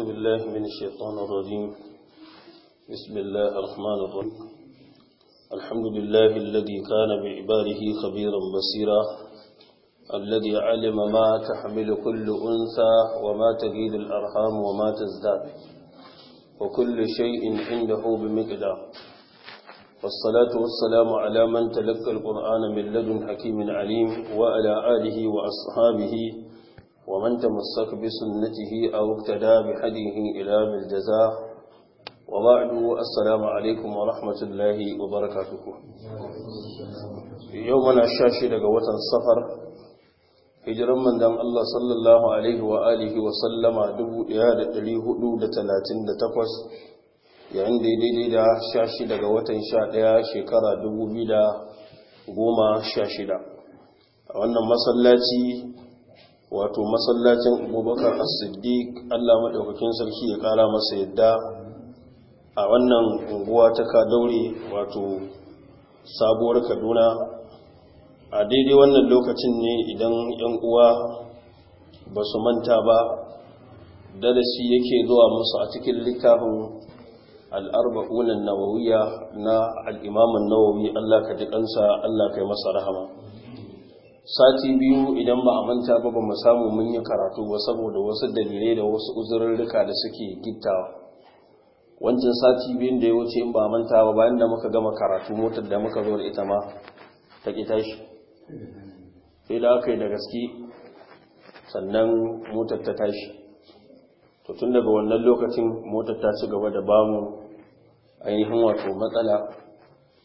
أعوذ بالله من الشيطان الرجيم بسم الله الرحمن الرحيم الحمد لله الذي كان بعباده خبيرا بصيرا الذي علم ما تحمل كل أنثى وما تجيد الأرحام وما تزداد وكل شيء عنده بمقدار والصلاة والسلام على من تلقى القرآن من لدن حكيم عليم وعلى آله وأصحابه ومن تمسك بسنته أو اقتدى بحديه إلى بالجزاء وبعد السلام عليكم ورحمة الله وبركاته يومنا الشاشي لقوة السفر هجر من دم الله صلى الله عليه وآله وسلم دبو إيادة ليه دودة لاتين دتقوس yayin daidai da sha shida ga watan sha ɗaya shekara dubu biyu da goma sha shida a wannan masallaci wato masallacin abubakar as-siddiq allah maɗaukakin sarki ya ƙara masa yadda a wannan unguwa ta kadaure wato sabuwar kaduna a daidai wannan lokacin ne idan 'yan uwa ba su manta ba darasi yake zuwa musu a cikin littafin al'arba'unan nawawiya na al'imamin nawawi allah ka ji ƙansa allah ka yi masa rahama sati biyu idan ba a manta ba ba mu samu mun yi karatu ba saboda wasu dalilai da wasu rika da suke gittawa wancan sati biyun da ya wuce in ba a manta ba bayan da muka gama karatu motar da muka zo da ita ma ta ƙi tashi sai da aka yi da gaske sannan motar ta tashi to tun daga wannan lokacin motar ta ci gaba da bamu ainihin wato matsala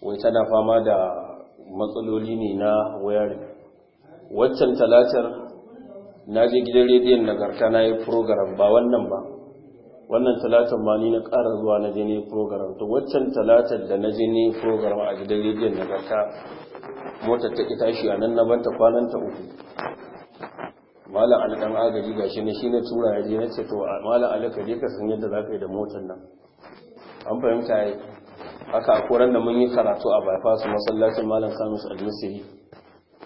wai tana fama da matsaloli ne na wayarin waccan talatar na je gidan rediyon nagarta na yi program ba wannan ba wannan talatar ma ni na ƙara zuwa na je ne program to waccan talatar da na je ne program a gidan rediyon nagarta motar ta ki tashi a nan na banta kwanan ta uku malam ali dan agaji gashi ne shi ne tura ya je na ce to malam ali ka je ka san yadda za ka yi da motar nan an fahimta yi haka a koran da mun yi karatu a bypass masallacin malam kamis al-misri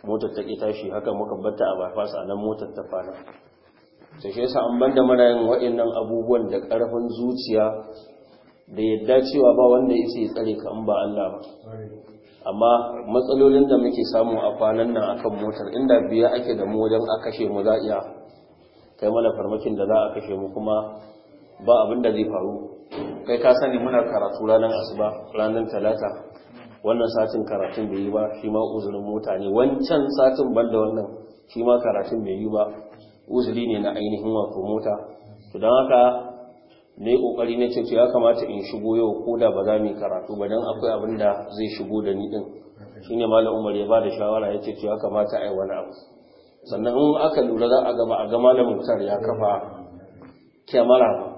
motar ta ƙi tashi haka muka batta a bypass a nan motar ta fara. sai shi yasa an banda mana yin waɗannan abubuwan da ƙarfin zuciya da yadda cewa ba wanda ya ce tsare ka in ba Allah ba amma matsalolin da muke samu a kwanan nan akan motar inda biya ake da mu wajen a kashe mu za iya kai mana farmakin da za a kashe mu kuma ba abin da zai faru kai ka sani muna karatu ranar asuba ranar talata wannan satin karatun bai yi ba shi ma uzurin mota ne wancan satin banda wannan shi ma karatun bai yi ba uzuri ne na ainihin wato mota to don haka ne kokari na ce ya kamata in shigo yau ko da ba za mu karatu ba dan akwai abin da zai shigo da ni din shine malam Umar ya bada shawara ya ce ya kamata ai wani abu sannan in aka lura za a gaba a ga malam motar ya kafa kyamara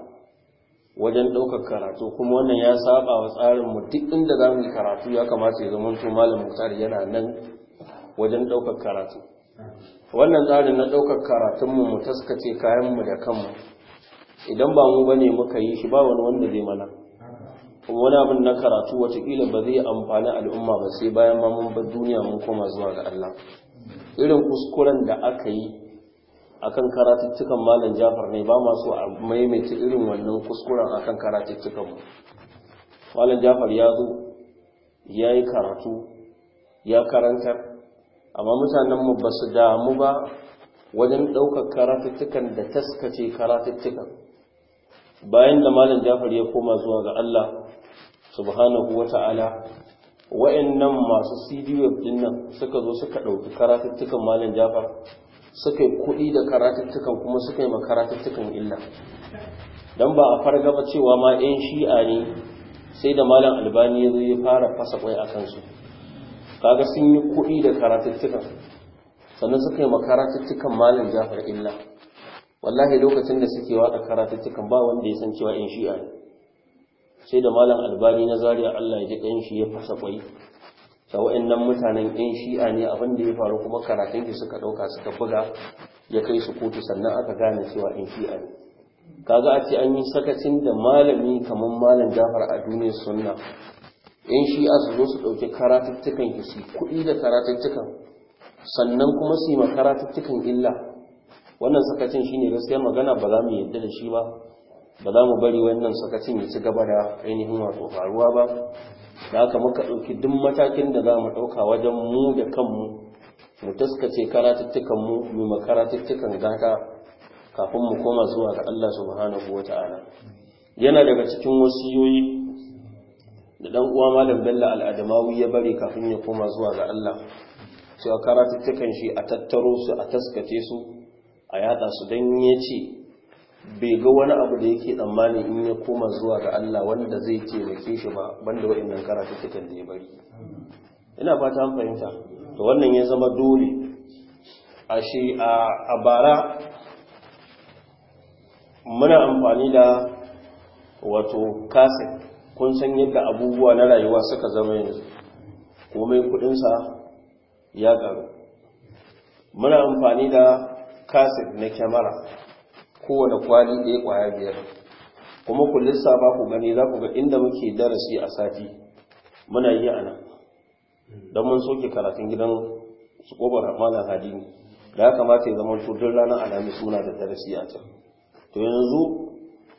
wajen ɗaukar karatu kuma wannan ya saba wa tsarinmu duk inda za mu yi karatu ya kamata ya zama to malam muktar yana nan wajen ɗaukar karatu wannan tsarin na ɗaukar karatunmu mu taskace kayanmu da kanmu idan ba mu bane muka yi shi ba wani wanda zai mana kuma wani abin na karatu watakila ba zai amfani al'umma ba sai bayan ma mun bar duniya mun koma zuwa ga Allah irin kuskuren da aka yi akan karatuttukan malam jafar ne ba ma so a maimaita irin wannan kuskuren akan karatuttukan mu malam jafar ya zo ya yi karatu ya karantar amma mutanen mu ba su damu ba wajen ɗaukar karatuttukan da taskace karatuttukan bayan da malam jafar ya koma zuwa ga Allah subhanahu wa'in wa'annan masu cdweb din nan suka zo suka ɗauki karatuttukan malam jafar suka yi kuɗi da karatattukan kuma suka yi makaratattukan illa don ba a fargaba cewa ma 'yan shi'a ne sai da malam albani ya zo ya fara fasa kwai a kansu kaga sun yi kuɗi da karatattukan sannan suka yi makaratattukan malam jafar illa wallahi lokacin da suke waɗa karatattukan ba wanda ya san cewa 'yan shi'a ne sai da malam albani na zariya allah ya ji ɗan shi ya fasa kwai ta waɗannan mutanen yan shi'a ne abin da ya faru kuma karatun ki suka ɗauka suka buga ya kai su kotu sannan aka gane cewa yan shi'a ne kaga a ce an yi sakacin da malami kamar malam jafar a duniyar sunna yan shi'a su zo su ɗauki karatuttukan ki su kuɗi da karatuttukan sannan kuma su yi ma karatuttukan illa wannan sakacin shine gaskiya magana ba za mu yarda da shi ba ba za mu bari wannan sakacin ya ci gaba da ainihin wato faruwa ba da haka muka ɗauki duk matakin da za mu ɗauka wajen mu da kanmu mu taskace karatuttukan mu mu ma karatuttukan gata kafin mu koma zuwa ga Allah subhanahu ta'ala yana daga cikin wasiyoyi da dan uwa malam Bello al-Adamawi ya bari kafin ya koma zuwa ga Allah cewa karatuttukan shi a tattaro su a taskace su a yada su dan ya ce bai ga wani abu da yake tsammanin in ya koma zuwa ga Allah wanda zai taimake shi ba banda wa'annan karatu kitan da ya bari ina fata an fahimta to wannan ya zama dole a shi a bara muna amfani da wato kaset kun san yadda abubuwa na rayuwa suka zama yanzu komai kudinsa ya karu muna amfani da kaset na kyamara kowane kwali ɗaya kwaya biyar kuma ku lissafa ku gani za ku ga inda muke darasi a sati muna yi a don mun soke karatun gidan su ƙobar malam hadini da ya kamata ya zama duk ranar alhamis muna da darasi a can to yanzu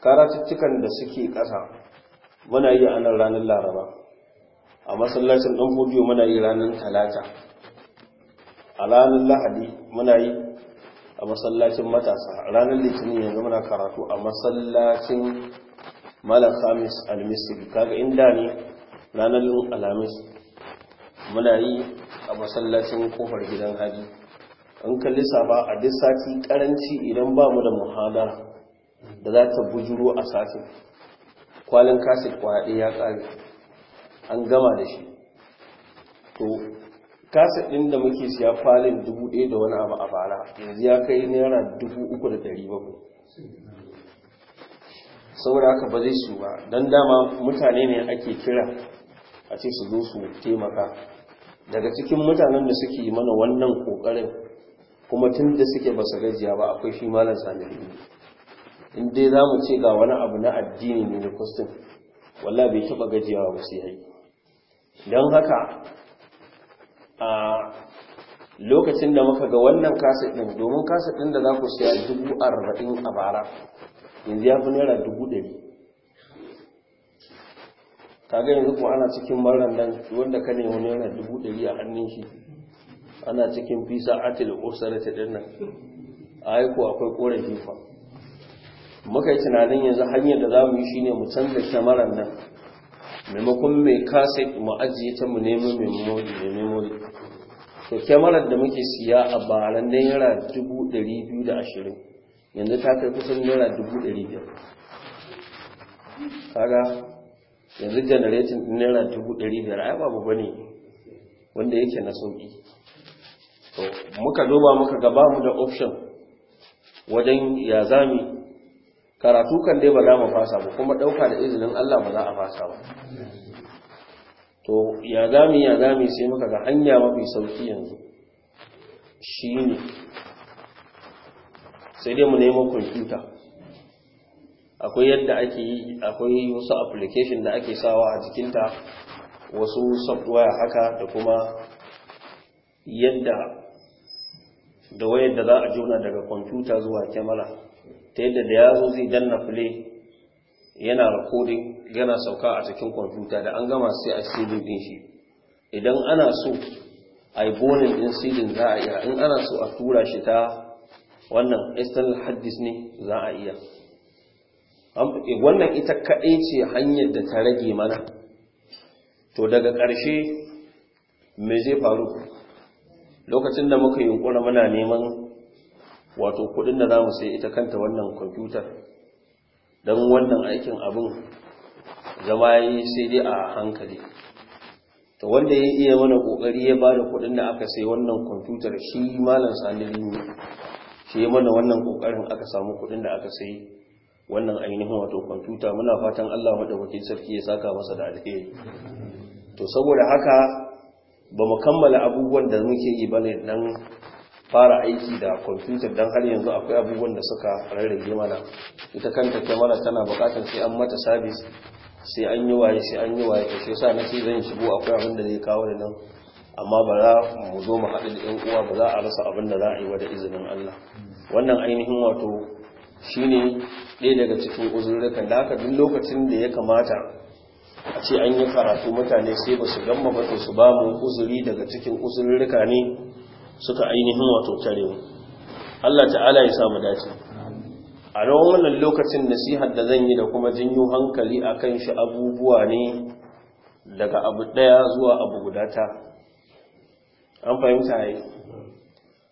karatuttukan da suke ƙasa muna yi a ranar laraba a masallacin ɗan fodiyo muna yi ranar talata a ranar lahadi muna yi a masallacin matasa ranar litinin yanzu muna karatu a masallacin malam al almisiri kaga inda ne ranar alamis muna yi a masallacin kofar gidan hadi An kalli saba a duk sati karanci idan ba mu da muhadara da za ta bujuro a satin kwalin kasit kwaɗe ya ƙare an gama da shi to kasa ɗin da muke siya falin dubu ɗaya da wani abu a bara yanzu ya kai naira dubu uku da ɗari bakwai saboda haka ba zai su ba don dama mutane ne ake kira a ce su zo su taimaka daga cikin mutanen da suke yi mana wannan ƙoƙarin kuma tun da suke ba gajiya ba akwai shi malam sami in dai za mu ce ga wani abu na addini ne na kwastin wallah bai taɓa gajiyawa ba sai yi. don haka A lokacin da muka ga wannan kasa ɗin domin kasa ɗin da za ku siya dubu arba'in a bara yanzu ya fi naira dubu ɗari kaga yanzu kuma ana cikin maran nan wanda ka nemi naira dubu ɗari a hannun shi ana cikin fisa atil ta ɗin nan a ko akwai korafi fa muka yi tunanin yanzu hanyar da za mu yi shine mu canza kyamarar nan maimakon mai kaset mu ajiye ta mu nemo mai memori to kyamarar da muke siya a bara naira ashirin, yanzu ta kai kusan naira biyar. kaga yanzu janaretin naira biyar. ai babu bane wanda yake na sauki to muka duba muka gaba mu da option wajen ya zami karatu kan dai ba za mu fasa ba kuma ɗauka da izinin Allah ba za a fasa ba to ya zami ya zami sai muka ga hanya mafi sauki yanzu shi ne sai dai mu nemo kwamfuta akwai yadda ake yi akwai wasu application da ake sawa a jikinta wasu software haka da kuma yadda da wayar da za a jona daga kwamfuta zuwa kyamara ta yadda da ya zai danna play yana recording yana sauka a cikin kwamfuta da an gama sai a seeding din shi idan ana so a yi bonin din seeding za a iya in ana so a tura shi ta wannan external haddis ne za a iya eh, wannan ita kaɗai ce hanyar da ta rage mana to daga ƙarshe me zai faru lokacin da muka yi yunkura muna neman wato kudin da za mu sai ita kanta wannan kwamfutar don wannan aikin abin zama sai dai a hankali to wanda ya iya mana kokari ya bada kudin da aka sai wannan kwamfutar shi malam ne shi ya mana wannan kokarin aka samu kudin da aka sai wannan ainihin wato kwamfuta muna fatan Allah madaukakin sarki ya saka masa da alheri to saboda haka ba mu kammala abubuwan da muke yi ba ne dan fara aiki da kwamfutar don har yanzu akwai abubuwan da suka rarrage mana ita kanta kyamara tana bukatar sai an mata sabis sai an yi waye sai an yi waye ta shi sa na ce zan shigo akwai abin da zai kawo da nan amma ba za mu zo mu haɗu da ƴan uwa ba za a rasa abin da za a yi wa da izinin Allah wannan ainihin wato shine ɗaya daga cikin uzurrukan da haka duk lokacin da ya kamata a ce an yi karatu mutane sai ba su gama ba su ba mu uzuri daga cikin uzurruka ne suka ainihin wato tare mu Allah ta'ala ya samu dace a ran wannan lokacin nasihar da zan yi da kuma jinyo hankali akan shi abubuwa ne daga abu daya zuwa abu guda an fahimta yi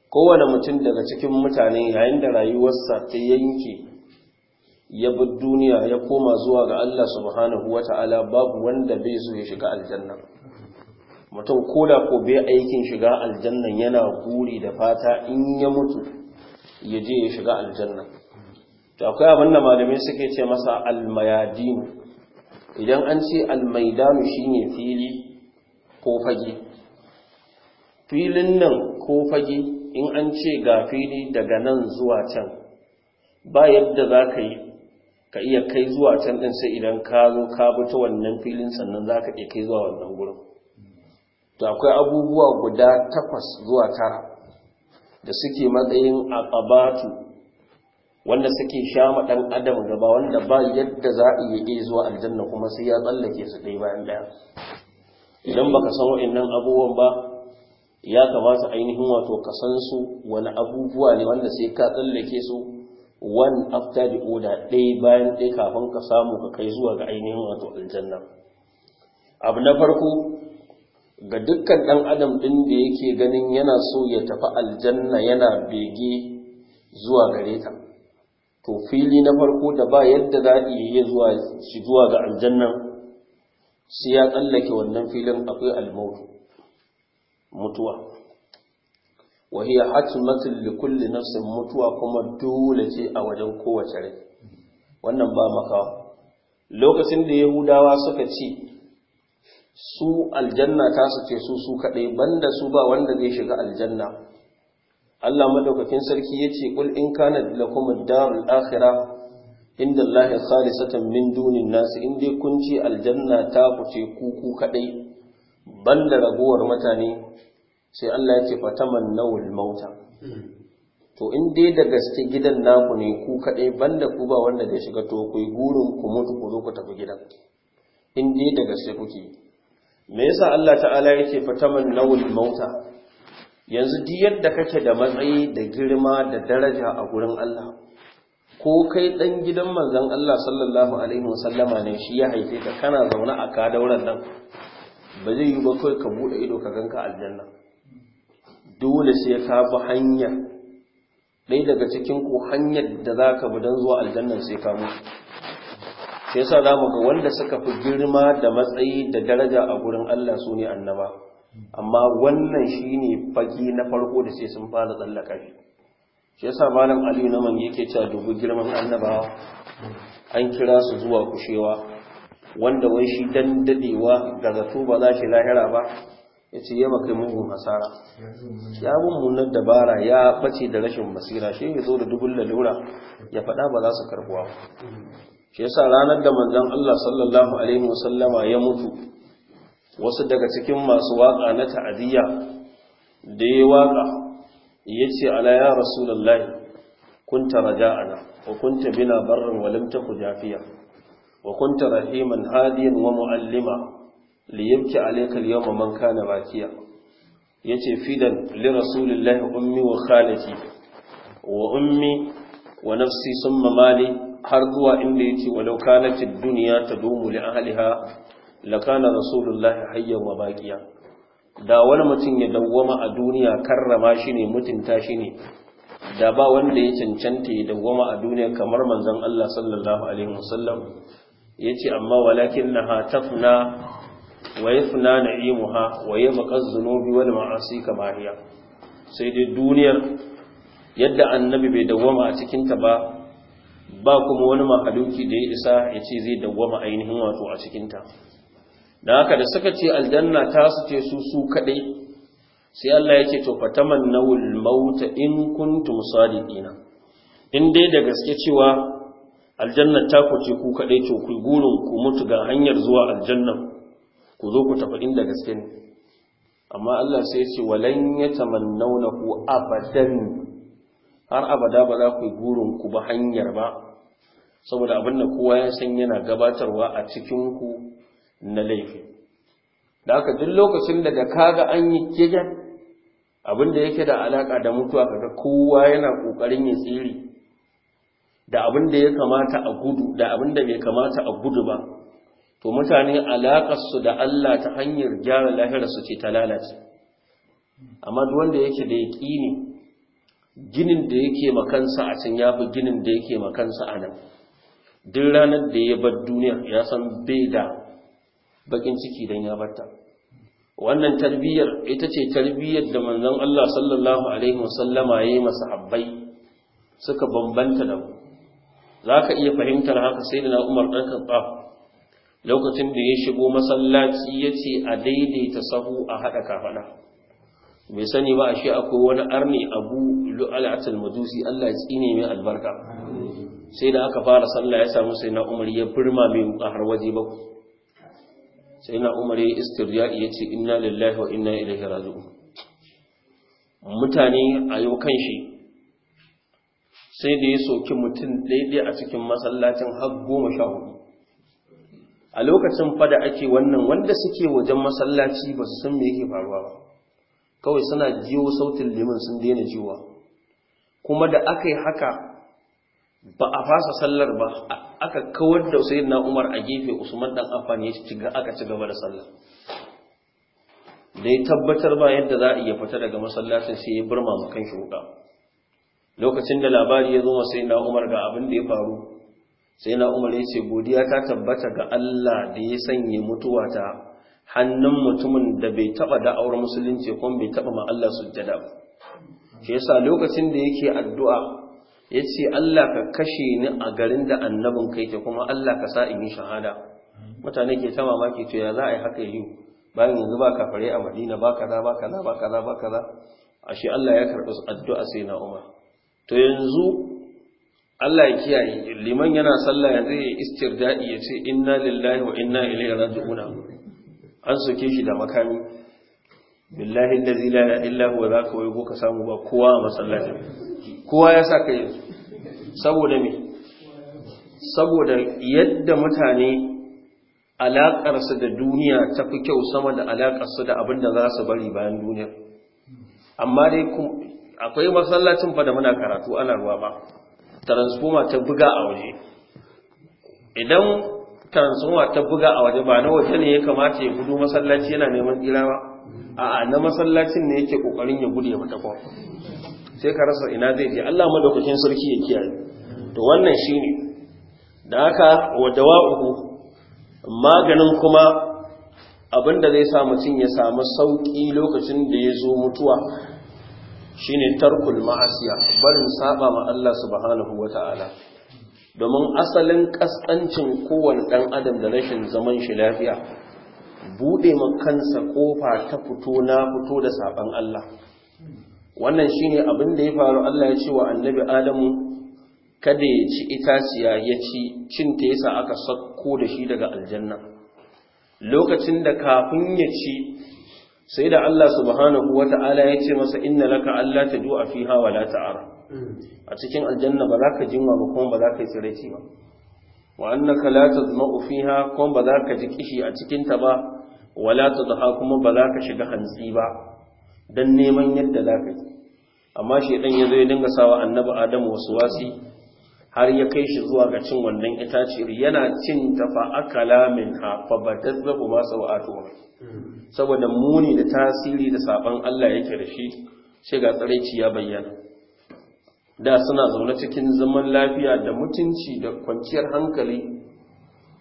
kowane mutum daga cikin mutane yayin da rayuwarsa ta yanke ya bi duniya ya koma zuwa ga Allah subhanahu wata'ala babu wanda bai so ya shiga aljanna mutum koda ko bai aikin shiga aljannan yana guri da fata in ya mutu ya je ya shiga aljanna to akwai abin da malamai suke ce masa almayadinu idan an ce almaidanu shine fili ko fage filin nan ko fage in an ce ga fili daga nan zuwa can ba yadda za ka yi ka iya kai zuwa can ɗin sai idan ka zo ka bi ta wannan filin sannan za ka iya kai zuwa wannan gurin to akwai abubuwa guda takwas zuwa tara da suke matsayin aqabatu wanda suke shama dan adam gaba wanda ba yadda za a yi zuwa aljanna kuma sai ya tsallake su dai bayan ɗaya. idan baka san wa'annan abubuwan ba ya kamata ainihin wato ka san su wani abubuwa ne wanda sai ka tsallake su one after the other ɗaya bayan ɗaya kafin ka samu ka kai zuwa ga ainihin wato aljanna abu na farko ga dukkan ɗan adam ɗin da yake ganin yana so ya tafi aljanna yana bege zuwa gare ta to fili na farko da ba yadda za a iya shi zuwa ga aljanna sai ya tsallake wannan filin akwai almautu mutuwa wahiyar hatimatin likulli nafsin mutuwa kuma dole ce a wajen kowace rai wannan ba makawa lokacin da yahudawa suka ce su aljanna ta su ce su su kaɗai banda su ba wanda zai shiga aljanna Allah madaukakin sarki ya ce kul in kana da kuma darul akhirah inda Allah satan min dunin nasu in dai kun ce aljanna ta ku ce ku ku kaɗai banda ragowar mutane sai Allah ya ce nawul mauta to in dai da gaske gidan naku ne ku kaɗai banda ku ba wanda zai shiga to ku yi gurin ku mutu ku zo ku tafi gidan in dai da gaske kuke me yasa Allah ta'ala yake fataman nawul mauta yanzu duk yadda kake da matsayi da girma da daraja a gurin Allah ko kai dan gidan manzon Allah sallallahu alaihi wasallama ne shi ya haife ka kana zaune a ka dauran nan ba zai yi ba kai ka bude ido ka ganka aljanna dole sai ka bi hanya ɗaya daga cikin ku hanyar da zaka bi dan zuwa aljanna sai ka mutu sai yasa za mu ga wanda suka fi girma da matsayi da daraja a gurin Allah su ne annaba amma wannan shi ne fagi na farko da sai sun fara tsallaka shi shi yasa malam aliyu na man yake cewa dubu girman annabawa an kira su zuwa kushewa wanda wai shi dan dadewa ga zato ba za shi lahira ba ya ce yaba kai mugun hasara ya na dabara ya bace da rashin basira shi ya zo da dubun lalura ya faɗa ba za su karbuwa shi yasa ranar da manzon Allah sallallahu alaihi wasallama ya mutu wasu daga cikin masu waka na ta'aziyya da ya waka yace ala ya rasulullahi kunta raja'ana wa kunta bina barin wa ta ku jafiya wa kunta rahiman hadiyan wa muallima liyabki alayka al-yawma man kana bakiya yace fidan li rasulillahi ummi wa khalati wa ummi wa nafsi summa mali har zuwa inda ya ce walau kanatid duniya ta domu da ahliha lakana rasulullahi hayyan wa baƙiya. da wani mutum ya dawwama a duniya karrama shi ne mutunta shi ne da ba wanda ya cancanta ya dawwama a duniya kamar manzon Allah sallallahu alaihi wasallam yace amma walakin laha tafna wa yafna na'imuha wa yi az-zunubi wal ma'asi kama sai dai duniyar yadda annabi bai dawwama a cikinta ba ba kuma wani makaluki da ya isa ya ce zai dawwama ainihin wato a cikinta da haka da suka ce aljanna ta su ce su su kaɗai sai Allah ya ce to fataman nawul mauta in kuntum sadiqina in dai da gaske cewa aljanna ta ku ce ku kaɗai to ku gurin ku mutu ga hanyar zuwa aljanna ku zo ku tafi inda gaske ne amma Allah sai ya ce walan yatamannawnahu abadan har abada ba za ku gurin ku ba hanyar ba saboda abin da kowa ya san yana gabatarwa a cikinku na laifi da haka duk lokacin da da kaga an yi abin da yake da alaka da mutuwa kaga kowa yana kokarin ya tsiri da abin da ya kamata a gudu da abin da bai kamata a gudu ba to mutane alaƙarsu da Allah ta hanyar gyara su ce ta lalace amma duk wanda yake da yaƙini ginin da yake makansa a can yafi ginin da yake makansa a nan duk ranar da ya bar duniya ya san bai da bakin ciki don ya bata. wannan tarbiyyar ita ce tarbiyyar da manzon Allah sallallahu alaihi wasallama ya yi masahabbai suka bambanta da mu za ka iya fahimtar haka sai da na umar ɗan kaɓa lokacin da ya shigo masallaci ya ce a daidaita sahu a haɗa kafaɗa bai sani ba a shi akwai wani arni abu lu'alatul majusi Allah ya tsine mai albarka sai da aka fara sallah ya samu sai na umar ya firma mai waje ba sai na umar ya istirya ya ce inna lillahi wa inna ilaihi razu mutane a yau kan shi sai da ya soki mutum daidai a cikin masallacin har goma sha hudu a lokacin fada ake wannan wanda suke wajen masallaci ba su san me yake faruwa ba kawai suna jiwo sautin liman sun daina jiwa kuma da aka yi haka ba a fasa sallar ba aka kawar da na Umar a gefe Usman dan afan ya ci aka ci gaba da sallar da ya tabbatar ba yadda za a iya fita daga masallacin sai ya burma ma kan shuka lokacin da labari ya zo sai na'umar Umar ga abin da ya faru Sai Umar ya ce godiya ta tabbata ga Allah da ya sanya mutuwa ta hannun mutumin da bai taba aure musulunci kuma bai taba ma Allah sujjada ba shi yasa lokacin da yake addu'a ya ce Allah ka kashe ni a garin da annabin kai ke kuma Allah ka sa in yi shahada mutane ke ta mamaki to ya za a yi haka yi bayan yanzu ba ka fare a madina ba kaza ba kaza ba kaza ba kaza ashe Allah ya karɓi addu'a sai na umar to yanzu Allah ya kiyaye liman yana sallah yanzu ya istirda'i ya ce inna lillahi wa inna ilaihi raji'una an soke shi da makami billahi allazi la ilaha illa huwa zaka wai ka samu ba kowa a masallacin kowa ya sa kai yi saboda me saboda yadda mutane alaƙarsu da duniya ta fi kyau sama da alaƙarsu da abin da za su bari bayan duniya amma dai akwai masallacin fa da muna karatu ana ruwa ba transforma ta buga a waje idan transforma ta buga a waje ba na waje ne ya kamata ya gudu masallaci yana neman tsira ba a na masallacin ne yake kokarin ya gudu ya mata kwa sai ka rasa ina zai je Allah madaukakin sarki ya kiyaye to wannan shine da haka wa dawa'uhu maganin kuma abinda zai sa mutum ya samu sauki lokacin da ya zo mutuwa shine tarkul ma'asiya barin saba ma Allah subhanahu wata'ala domin asalin kaskancin kowane dan adam da rashin zaman shi lafiya bude kansa kofa ta fito na fito da saban Allah wannan shine abin da ya faru Allah ya ce wa annabi Adamu kada ya ci itaciya ya ci cin yasa aka sakko da shi daga aljanna lokacin da kafin ya ci sai da Allah subhanahu Ta'ala ya ce masa inna laka Allah ta du'a fiha wa la ta'ara a cikin aljanna ba za ka jinwa ba kuma ba za ka yi tsiraici ba wa annaka la tazma'u fiha kuma ba za ka ji kishi a cikin ta ba wala tadha kuma ba za ka shiga hantsi ba don neman yadda za ka yi amma ya zo ya dinga sawa annabi adamu wasu wasi har ya kai shi zuwa ga cin wannan itaciyar yana cin ta fa akala min ha fa batazza kuma sawatuha saboda muni da tasiri da saban Allah yake da shi shi ga tsareci ya bayyana da suna zaune cikin zaman lafiya da mutunci da kwanciyar hankali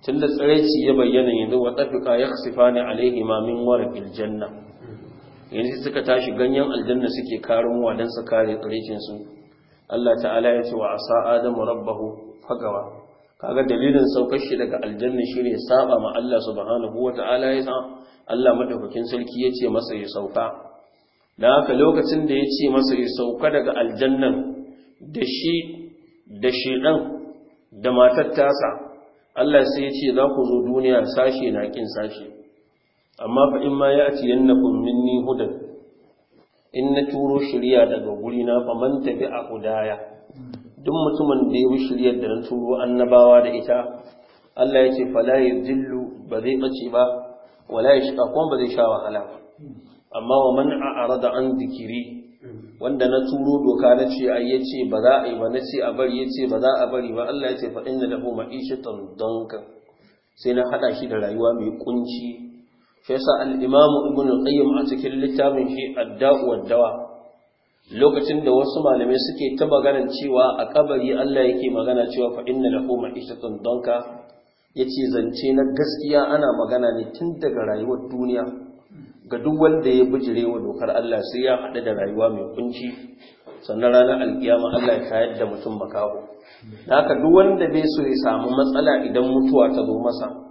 tun da tsareci ya bayyana yanzu wa tafika yakhsifani ma min warqil janna yanzu suka tashi ganyen aljanna suke karin don su kare su Allah ta'ala ya ce wa asa adamu rabbahu fagawa kaga dalilin saukar shi daga aljanna shine saba ma Allah subhanahu wata'ala ya sa Allah madaukakin sarki ya ce masa ya sauka dan haka lokacin da ya ce masa ya sauka daga aljannan da shi da shi dan da matar tasa Allah sai ya ce za ku zo duniya sashi na kin sashi amma fa in ma ya ci yannakum minni hudan in na turo shirya daga guri na fa man tafi a hudaya duk mutumin da ya bi da na turo annabawa da ita Allah ya ce fala dillu ba zai bace ba wala shiga kuma ba zai sha wahala amma wa man a'rada an zikiri wanda na turo doka na ce ai yace ba za a yi ba na ce a bari yace ba za a bari ba Allah ya ce fa inna lahu ma'ishatan danka sai na hada shi da rayuwa mai kunci shi yasa al-imam ibn qayyim a cikin littafin shi a dau dawa lokacin da wasu malamai suke ta maganar cewa a kabari Allah yake magana cewa fa inna lahu ma'ishatun ya ce zance na gaskiya ana magana ne tun daga rayuwar duniya ga duk wanda ya bijire wa dokar Allah sai ya haɗu da rayuwa mai kunci sannan ranar alkiyama Allah ya kayar da mutum makaho haka duk wanda bai so ya samu matsala idan mutuwa ta zo masa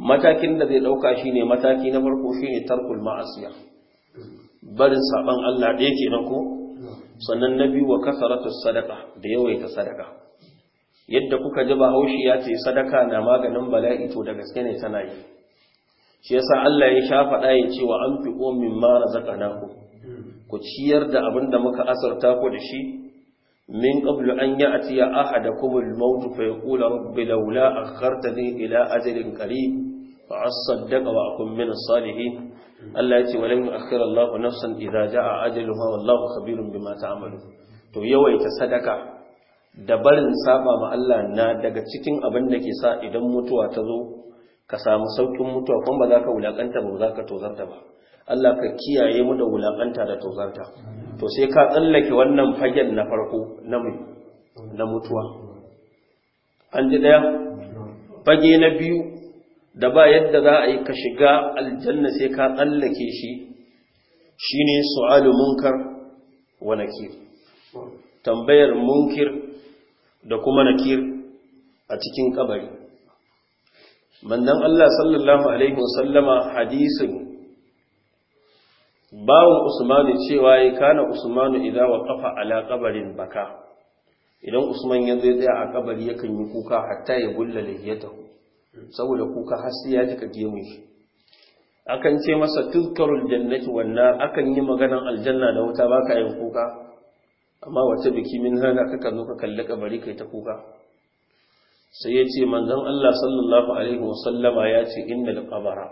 matakin da zai ɗauka shine mataki na farko shi ne tarkul ma'asiya barin saban Allah ɗaya kenan ko sannan na biyu wa kasaratu sadaka da yawaita sadaka yadda kuka ji bahaushe ya ce sadaka na maganin bala'i to da gaske ne tana yi shi yasa Allah ya sha faɗa ya ce wa anfiqu mimma razaqnakum ku ciyar da abin da muka asarta ku da shi min qablu an ya'tiya ahadakum al-maut fa yaqulu rabbi lawla akhartani ila ajalin qarib فأصدق وأكون من الصالحين الله يتي ولم يؤخر الله نفسا إذا جاء أجلها والله خبير بما تعملون to yawaita sadaka da barin saba ma Allah na daga cikin abin da ke sa idan mutuwa ta zo ka samu saukin mutuwa kuma ba za ka wulaƙanta ba za ka tozarta ba Allah ka kiyaye mu da wulaƙanta da tozarta to sai ka tsallake wannan fagen na farko na na mutuwa an ji ɗaya. fage na biyu da ba yadda za a yi ka shiga aljanna sai ka tsallake shi shine su'alu munkar wa nakir tambayar munkir da kuma nakir a cikin kabari mandan Allah sallallahu alaihi wasallama hadisin bawon usmanu cewa ya kana usmanu idan wa kafa ala kabarin baka idan usman ya zai tsaya a kabari yakan yi kuka hatta ya gulla lihiyatahu saboda kuka har sai ya jika je shi akan ce masa tuzkarul jannati nar akan yi maganan aljanna da wuta baka yin kuka amma wace biki min hana kaka zo ka kalli kabari kai ta kuka sai ya ce manzon Allah sallallahu alaihi wasallama ya ce innal qabara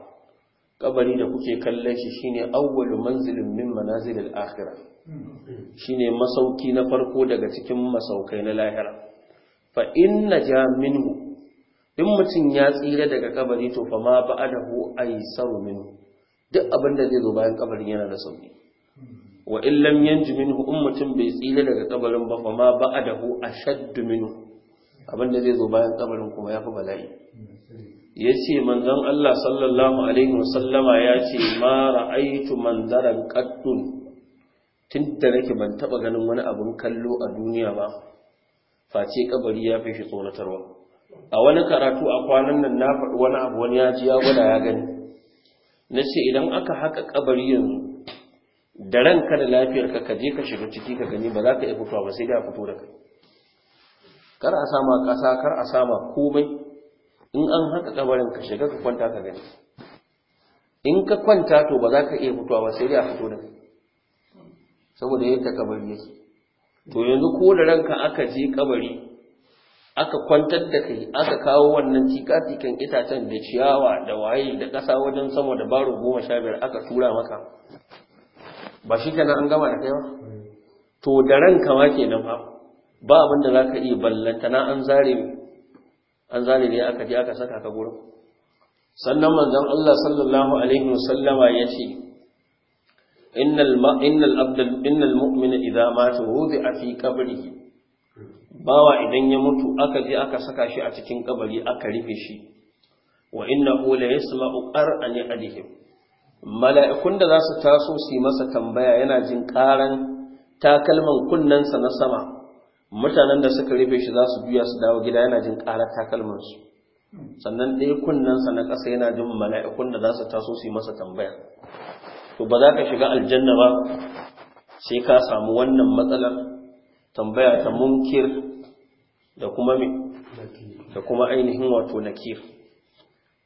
kabari da kuke kallon shi shine awwalu manzilin min manazilil akhirah shine masauki na farko daga cikin masaukai na lahira fa inna ja minhu in mutum ya tsira daga kabari to fa ma yi saro minu duk abin da zai zo bayan kabarin yana da sauki wa in lam yanji minu in mutum bai tsira daga kabarin ba fa ma a shaddu minu abin da zai zo bayan kabarin kuma ya yafi bala'i ce manzan Allah sallallahu alaihi wasallama ya ce ma ra'aitu manzaran kattun tun da nake ban taba ganin wani abun kallo a duniya ba face kabari ya fi shi tsoratarwa a wani karatu a kwanan nan na faɗi wani abu wani ya ji ya gwada ya gani na ce idan aka haka kabari yanzu da ranka da lafiyarka ka je ka shiga ciki ka gani ba za ka iya fitowa ba sai dai a fito da kai kar a sama ƙasa kar a sama komai in an haka kabarin ka shiga ka kwanta ka gani in ka kwanta to ba za ka iya fitowa ba sai dai a fito da kai saboda yadda kabari yake to yanzu ko da ranka aka je kabari aka kwantar da kai aka kawo wannan tikafikan itacen da ciyawa da waye da ƙasa wajen sama da baro goma sha biyar aka tura maka ba shi kenan an gama da kai ba to da ran kama kenan fa ba abin da za ka iya ballanta na an zare an zare ne aka je aka saka ka gurin sannan manzon Allah sallallahu alaihi wasallama yace innal ma innal abdal innal mu'mina idza mata wudi'a fi qabrihi bawa idan ya mutu aka je aka saka shi a cikin kabari aka rufe shi wa innahu la yasma'u qar'an yadihim mala'ikun da za su taso su masa tambaya yana jin karan takalman kunnensa na sama mutanen da suka rufe shi za su juya su dawo gida yana jin karar takalman su sannan ɗaya kunnensa na ƙasa yana jin mala'ikun da za su taso su masa tambaya to ba za ka shiga aljanna ba sai ka samu wannan matsalar tambaya ta munkir da kuma me da kuma ainihin wato nakir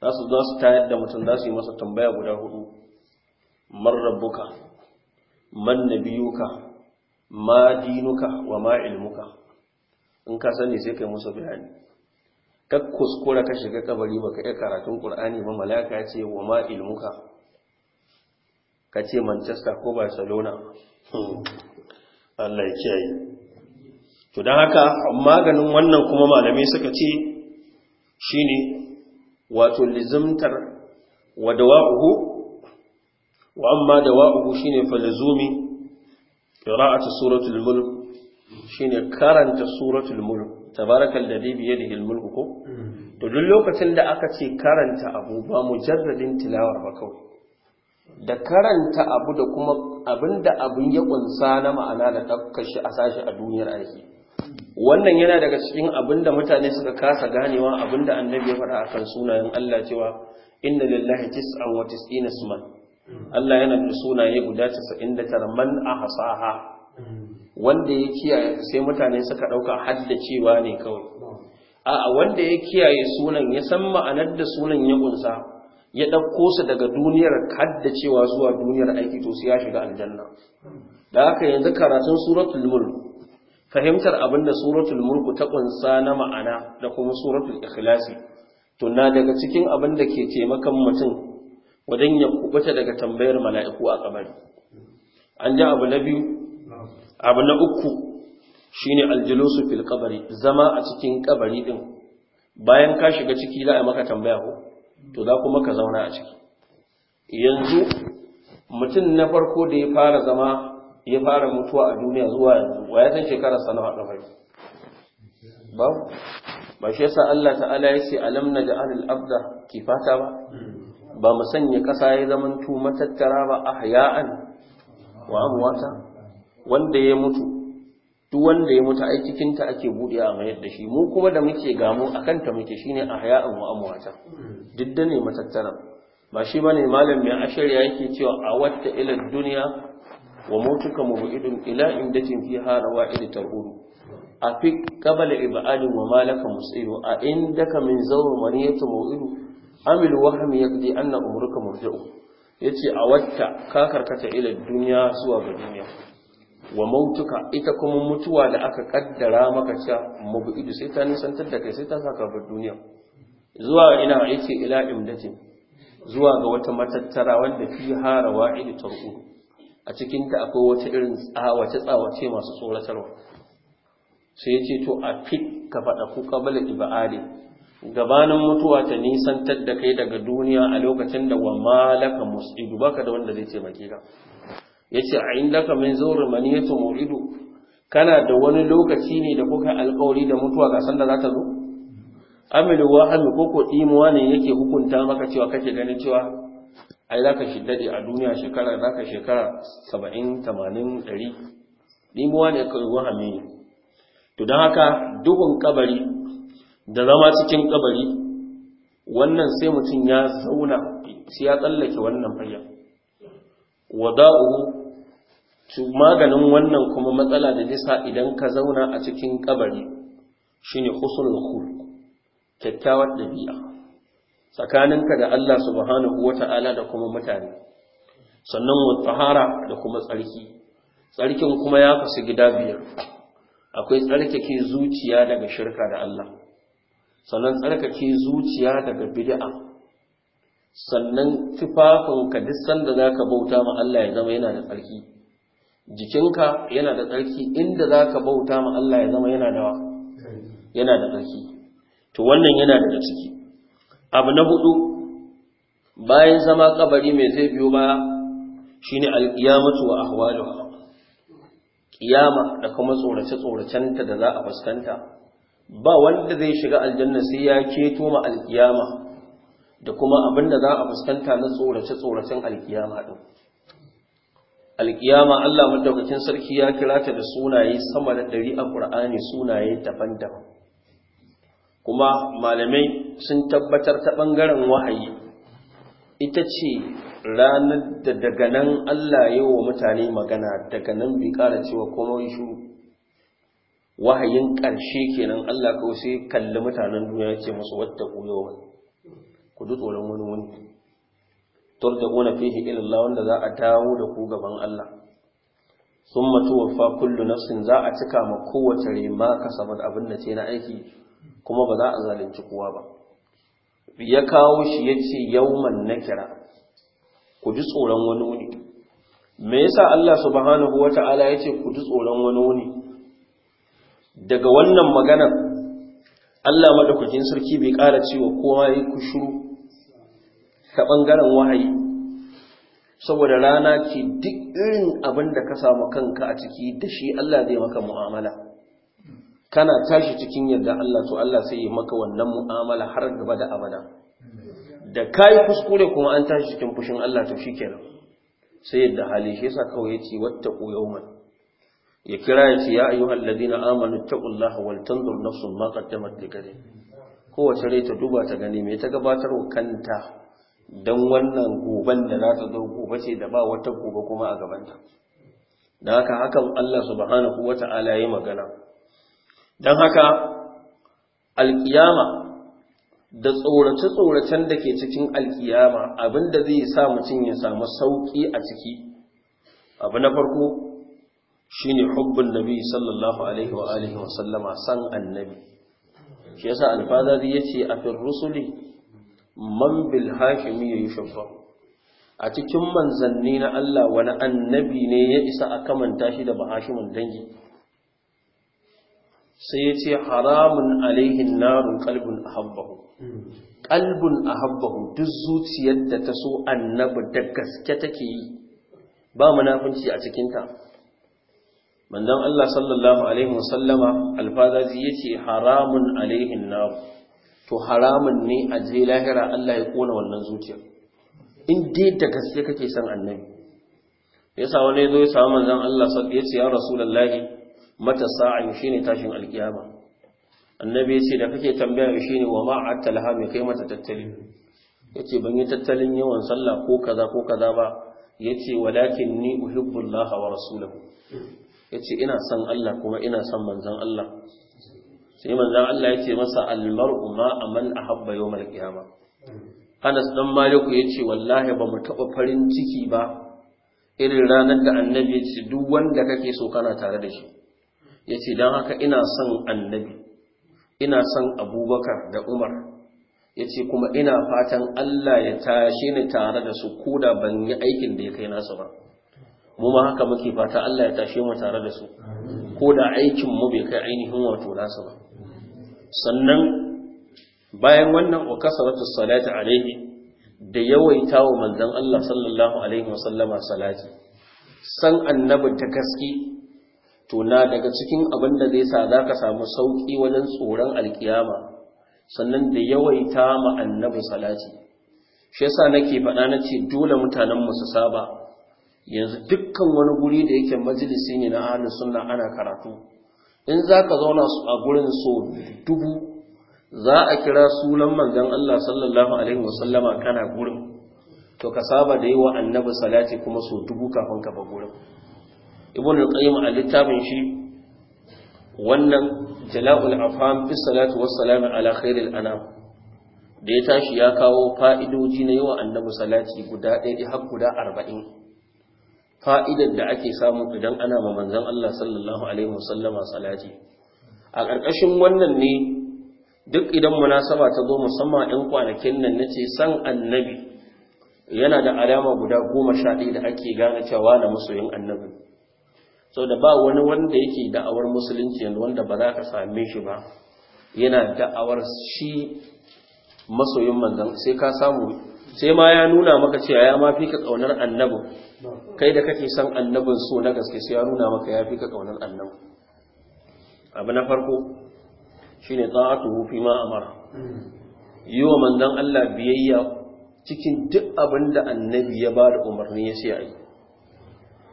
za su za su tayar da mutum za su yi masa tambaya guda hudu man rabbuka man nabiyuka ma dinuka wa ma ilmuka in ka sani sai kai musu bayani ka kuskura ka shiga kabari baka iya karatun qur'ani ba malaka ya ce wa ma ilmuka ka ce manchester ko barcelona Allah ya kiyaye to don haka maganin wannan kuma malamai suka ce shi ne wato lizimtar wa da wa’uhu wa amma shi ne falzumi qira'atu suratul mulk ne karanta suratul mulk tabarakal ladhi bi yadihi al hilmul ko to duk lokacin da aka ce karanta abu ba mu mujarradin tilawar ba kawai da karanta abu da kuma abinda abin ya kunsa na ma'ana da ɗaukar shi a sashi a duniyar aiki wannan yana daga cikin abinda mutane suka kasa ganewa abinda annabi ya faɗa akan sunayen Allah cewa inna lillahi tis'an wa tis'ina isma Allah yana da sunaye guda 99 man ahsaha wanda ya kiyaye sai mutane suka dauka haddacewa ne kawai a'a wanda ya kiyaye sunan ya san ma'anar da sunan ya kunsa ya ɗauko su daga duniyar cewa zuwa duniyar aiki to sai ya shiga aljanna da haka yanzu karatun suratul mulk fahimtar abin da suratul mulku ta kunsa na ma'ana da kuma suratul ikhlasi to na daga cikin abin da ke taimakan mutum wajen ya kubuta daga tambayar mala'iku a kabari an ji abu na biyu abu na uku shine aljulusu fil kabari zama a cikin kabari din bayan ka shiga ciki za a maka tambaya ko to za kuma ka zauna a ciki yanzu mutum na farko da ya fara zama ya fara mutuwa a duniya zuwa yanzu wa ya san shekarar sana a Ba babu ba shi yasa Allah ta'ala ya ce alam na ja'al al-abda fata ba ba mu sanya ƙasa ya zaman tu matattara ba ahya'an wa amwata wanda ya mutu duk wanda ya mutu ai cikin ta ake buɗe a mayar da shi mu kuma da muke gamu akan ta muke shine ahya'an wa amwata duk da ne matattara ba shi bane malam mai ashariya yake cewa a wata ila duniya wa mautuka mawu'idun ila indatin fi harawa ili tar'udu a fi qabala ibadin wa malaka musiru a indaka min zawr maniyatu mawu'idu amil wahmi yaqdi anna umruka murja'u yace a wacce ka karkata ila duniya zuwa ga duniya ita kuma mutuwa da aka ƙaddara maka cewa mabu'idu sai ta nisantar da kai sai ta bar duniya zuwa ina yace ila zuwa ga wata matattara wanda fi a cikinta akwai wata irin tsawace tsawace masu tsoratarwa sai ya ce to a fit ka faɗa ku kabala iba'ali gabanin mutuwa ta nisantar da kai daga duniya a lokacin da wa malaka musidu baka da wanda zai ce maki ka yace a ka min zawr maniyatu muridu kana da wani lokaci ne da kuka alƙawari da mutuwa ga sanda za ta zo amilu wa ko ko imuwa ne yake hukunta maka cewa kake ganin cewa ai za ka shi daɗe a duniya shekara za ka shekara saba'in tamanin ɗari ɗimuwa ne kai ruwan Aminu. to don haka duhun kabari da zama cikin kabari wannan sai mutum ya zauna sai ya tsallake wannan fayyar wada'u to maganin wannan kuma matsala da nisa idan ka zauna a cikin kabari shine husnul khuluq kyakkyawar dabi'a tsakaninka da Allah subhanahu Ta'ala da kuma mutane sannan wattahara da kuma tsarki tsarkin kuma ya kasu gida biyar akwai tsarkake zuciya daga shirka da Allah sannan tsarkake zuciya daga bid'a sannan tufafinka duk sanda zaka bauta ma Allah ya zama yana da tsarki jikinka yana da tsarki inda zaka bauta ma Allah ya zama yana da yana da tsarki to wannan yana da ciki abu na hudu bayan zama kabari mai zai biyo baya shine alqiyamatu wa ahwaluha kiyama da kuma tsorace tsoracenta da za a fuskanta ba wanda zai shiga aljanna sai ya keto ma alkiyama da kuma abin da za a fuskanta na tsorace tsoracen alkiyama din alkiyama Allah madaukakin sarki ya kira ta da sunaye sama da ɗari a Qur'ani sunaye daban-daban kuma malamai sun tabbatar ta ɓangaren wahayi ita ce ranar da daga nan Allah ya wa mutane magana daga nan bai ƙara cewa komai shuru wahayin ƙarshe kenan Allah kawai sai kalli mutanen duniya ce musu wata ku yawan ku ji tsoron wani wani turja'una fihi ila Allah wanda za a dawo da ku gaban Allah summa tuwaffa kullu nafsin za a cika ma kowace rema kasabat abin da ce na aiki kuma ba za a zalunci kowa ba ya kawo shi ya ce na kira, ku ji tsoron wani wuni me yasa Allah subhanahu ta'ala ya ce ku ji tsoron wani wuni daga wannan magana Allah madaukakin sarki bai ƙara cewa kowa ya ku shiru ta ɓangaren wahayi saboda rana ke duk irin abin da ka samu kanka a ciki da shi Allah zai maka mu'amala kana tashi cikin yadda Allah to Allah sai yi maka wannan mu'amala har gaba da abada da kai kuskure kuma an tashi cikin fushin Allah to shikenan sai yadda hali shi yasa kawai yace wattaqu yawman ya kira ya ce ya ayyuhal ladina amanu taqullaha wal tanzur nafsun ma qaddamat ligadin kowace rai ta duba ta gani me ta gabatar wa kanta dan wannan goban da za ta zo gobe ce da ba wata gobe kuma a gaban ta. dan haka hakan Allah subhanahu wata'ala ya magana don haka alƙiyama da tsorace-tsoracen da ke cikin alkiyama abinda zai sa mutum ya samu sauƙi a ciki abu na farko shine hubbun nabi sallallahu alaihi wa alihi wa sallama san annabi shi yasa alfadari yace a fil rusuli man bil hashimi yushabba a cikin manzanni na Allah wani annabi ne ya isa a kamanta shi da bahashimin dangi sai ya ce haramun alaihin narun kalbin ahabbahu kalbin ahabbahu duk zuciyar da ta so annabi da gaske take yi ba munafunci a cikinta manzon Allah sallallahu alaihi wasallama alfazazi yace haramun alaihin nar to haramun ne a je lahira Allah ya kona wannan zuciya in dai da gaske kake son annabi yasa wani yazo ya samu manzon Allah sallallahu alaihi wasallam yace ya rasulullahi mata sa'a shi ne tashin alkiyama annabi ya ce da kake tambaya ne wa ma atalha mai kai mata tattalin? Ya ce ban yi tattalin yawan sallah ko kaza ko kaza ba Ya yace walakin ni lahawa wa Ya ce ina son Allah kuma ina son manzon Allah sai manzon Allah yace masa almar'u ma aman ahabba yawmal qiyama Anas dan Maliku ce wallahi ba mu taba farin ciki ba irin ranar da annabi ya ce duk wanda kake so kana tare da shi ya ce don haka ina son annabi ina son abubakar da umar ya ce kuma ina fatan allah ya tashe ni tare da su koda ban yi aikin da ya kai nasu ba mu ma haka muke fata allah ya tashe mu tare da su koda aikin mu bai kai ainihin wato nasu ba sannan bayan wannan wa kasaratu salati alaihi da yawaita wa manzon Allah sallallahu alaihi wasallama salati san annabi ta gaske Tuna daga cikin abin da zai sa za ka samu sauƙi wajen tsoron alkiyama sannan da yawaita ma annabi salati shi yasa nake faɗa na ce dole mutanen mu su saba yanzu dukkan wani guri da yake majalisi ne na ahlus sunna ana karatu in za ka zauna a gurin so dubu za a kira sunan manzon Allah sallallahu alaihi wasallama kana gurin to ka saba da yi wa annabi salati kuma so dubu kafin ka ba gurin ibn al-qayyim a littafin shi wannan jala'ul afham fi salatu wassalam ala khairil anam da ya tashi ya kawo fa'idoji na yawa annabi salati guda ɗaya har guda arba'in fa'idar da ake samu idan ana ma manzon Allah sallallahu Alaihi wasallama salati a ƙarƙashin wannan ne duk idan munasaba ta zo musamman ‘yan kwanakin nan na ce san annabi yana da alama guda goma sha ɗaya da ake gane cewa na masoyin annabi sau da ba wani wanda yake da'awar musulunci wanda ba za ka same shi ba yana da'awar shi masoyin manzan sai ka samu sai ma ya nuna maka cewa ya ma fi ka kaunar annabin kai da kake son annabin so na gaske sai ya nuna maka ya fi ka kaunar annabin abu na farko shine ta'atuhu fi ma amara yi wa manzan Allah biyayya cikin duk abin da annabi ya ba da umarni ya sai a yi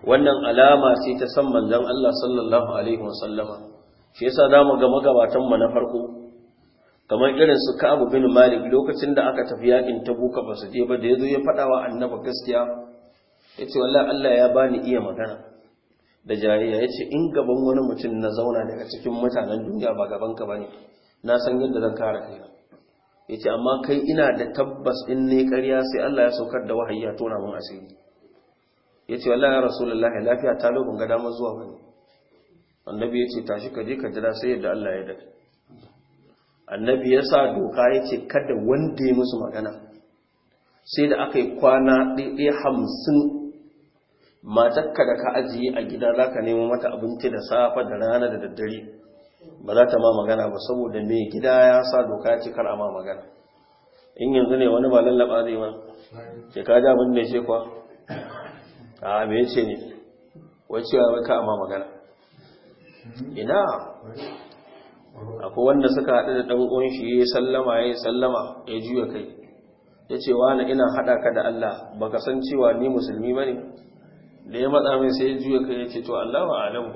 wannan alama sai ta san manzon Allah sallallahu alaihi wasallama shi yasa zamu ga magabatan mu na farko kamar irin su Ka'ab bin Malik lokacin da aka tafi yakin Tabuka ba su je ba da yazo ya faɗawa wa Annabi gaskiya yace wallahi Allah ya bani iya magana da jariya yace in gaban wani mutum na zauna daga cikin mutanen duniya ba gaban ka bane na san yadda zan kare kai yace amma kai ina da tabbas in ne ƙarya sai Allah ya saukar da wahayi ya tona mun asiri ya ce wallahi ya lafiya ta lokun ga damar zuwa ne. annabi ya ce tashi ka je ka jira sai yadda Allah ya dace annabi ya sa doka ya ce kada wanda ya musu magana sai da aka yi kwana ɗaiɗai hamsin matakka da ka ajiye a gida za ka nemo mata abinci da safa da rana da daddare ba za ta ma magana ba saboda mai gida ya sa doka ya ce kar a ma magana in yanzu ne wani ba lallaba zai ba ke ka ji abin da ya ce kwa a me ce ne wacewa ya ka amma magana ina akwai wanda suka haɗu da ɗan uwan shi ya sallama ya sallama ya juya kai ya ce wani ina haɗa ka da Allah ba ka san cewa ni musulmi ba ne da ya matsa mai sai ya juya kai ya ce to Allah wa alamu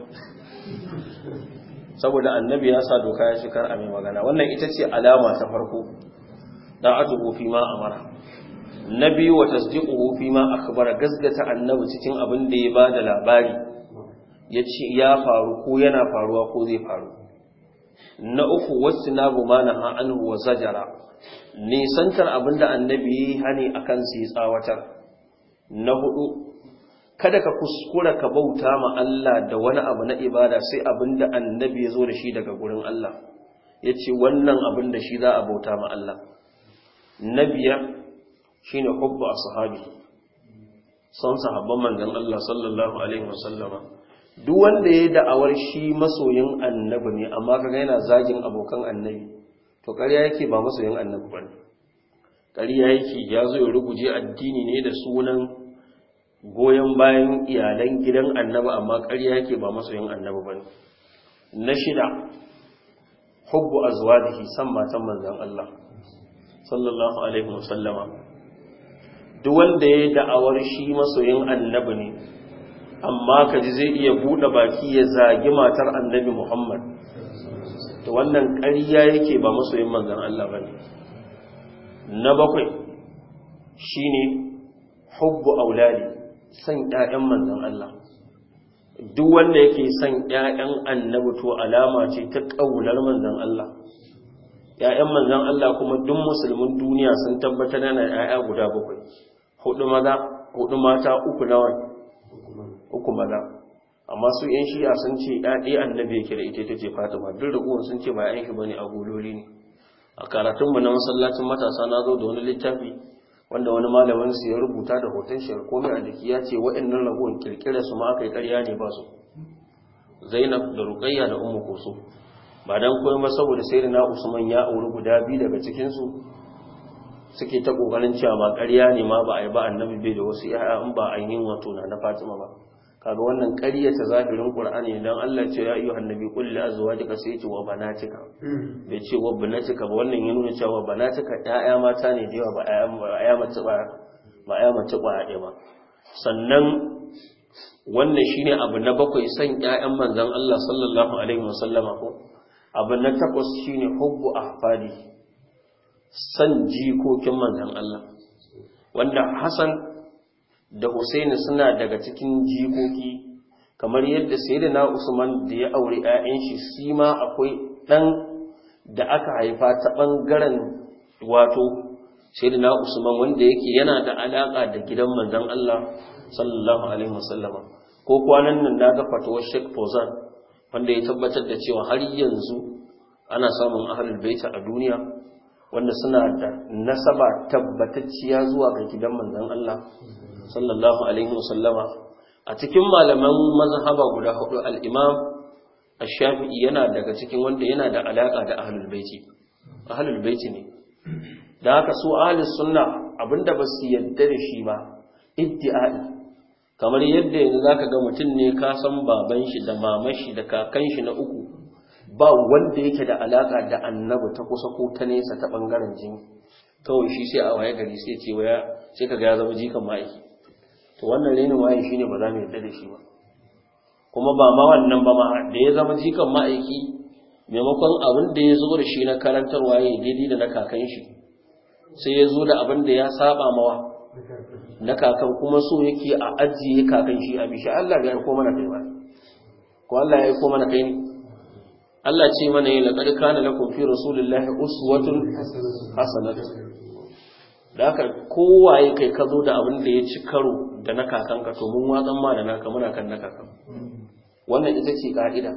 saboda annabi ya sa doka ya kar a mai magana wannan ita ce alama ta farko da'atu fi ma amara na biyu wa tasdiquhu fi ma akhbara gasgata annabi cikin abin da ya bada labari yace ya faru ko yana faruwa ko zai faru na uku na ma ha anhu wa zajara nisantar abin da annabi ya hani akan sai tsawatar na hudu kada ka kuskura ka bauta ma Allah da wani abu na ibada sai abin da annabi ya zo da shi daga gurin Allah yace wannan abin da shi za a bauta ma Allah na biyar Shi ne hubba a sahabi. son sahabban mangan Allah sallallahu alaihi wasallama duk wanda ya da'awar shi masoyin annabi ne amma kaga yana zagin abokan annabi to ƙarya yake ba masoyin annabi bane ƙarya yake ya zo ya ruguje addini ne da sunan goyon bayan iyalan gidan annabi amma ƙarya yake ba masoyin annabi ne? na shida hubbu shi, san matan manzon Allah sallallahu alaihi wasallama duk wanda ya yi da'awar shi masoyin annabi ne amma kaji zai iya buɗe baki ya zagi matar annabi muhammad to wannan ƙarya yake ba masoyin manzan Allah ba ne na bakwai shi ne hubbu auladi son ƴaƴan manzan Allah duk wanda yake son ‘ya'yan annabi to alama ce ta ƙaunar manzan Allah ‘ya'yan manzan Allah kuma duk musulmin duniya sun tabbatar yana ‘ya'ya guda bakwai hudu maza hudu mata uku wani uku maza amma su yan shi'a sun ce ɗaɗe annabi yake da ita ce fatima duk da kowa sun ce ba yan shi bane a gololi ne a karatunmu na masallacin matasa na zo da wani littafi wanda wani malamin su ya rubuta da hoton shi ko a jiki ya ce waɗannan ragowar kirkirar su ma aka yi ƙarya ne ba su zainab da rukayya da Umu kusu ba dan koyi ba saboda sai na usman ya auri guda biyu daga cikinsu. suke ta kokarin cewa ba ƙarya ne ma ba a yi ba annabi bai da wasu ya'ya in ba an yi wato na na Fatima ba kaga wannan ƙarya ta zahirin Qur'ani dan Allah ce ya ayyuhan nabi qul li azwajika sai ce wa banatika bai ce wa banatika ba wannan ya nuna cewa banatika ya'ya mata ne da yawa ba ya'ya mace ba ba ya'ya mace ba ba sannan wannan shine abu na bakwai san ƴaƴan manzon Allah sallallahu alaihi wasallama ko abu na takwas shine hubbu ahfadi san jikokin manzan Allah wanda Hassan da Hussein suna daga cikin jikoki kamar yadda sayyidina Usman da ya aure 'ya'yan shi shi ma akwai ɗan da aka haifa ta ɓangaren wato sayyidina Usman wanda yake yana da alaƙa da gidan manzan Allah sallallahu alaihi wasallama ko kwanan nan na ga fatuwa Sheikh Fauzan wanda ya tabbatar da cewa har yanzu ana samun ahlul baita a duniya wanda suna da nasaba tabbatacciya zuwa ga gidan manzon Allah sallallahu alaihi wasallama a cikin malaman mazhaba guda hudu al-Imam Ash-Shafi'i yana daga cikin wanda yana da alaka da Ahlul Baiti Ahlul Baiti ne da haka su Ahlus Sunna abinda ba su yadda da shi ba iddi'ai kamar yadda yanzu zaka ga mutum ne ka san baban shi da maman shi da kakan shi na uku ba wanda yake da alaka da annabi ta kusa ko ta nesa ta bangaren jini kawai shi sai a waye gari sai ce waya sai kaga ya zama jikan ma'aiki to wannan renin waye shine ba za mu yarda da shi ba kuma ba ma wannan ba ma da ya zama jikan ma'aiki maimakon abin da ya zo da shi na karantar waye daidai da na kakan shi sai ya zo da abin da ya saba mawa na kakan kuma so yake a ajiye kakan shi a bishi Allah ya ko mana kai ba ko Allah ya aiko mana kai ne Allah ce mana yi laƙar kana kofi fi lahi uswatun hasanat. da haka kowaye kai ka zo da abin da ya ci karo da na kakanka to mun watsan ma da naka muna kan na kakan wannan ita ce ka'ida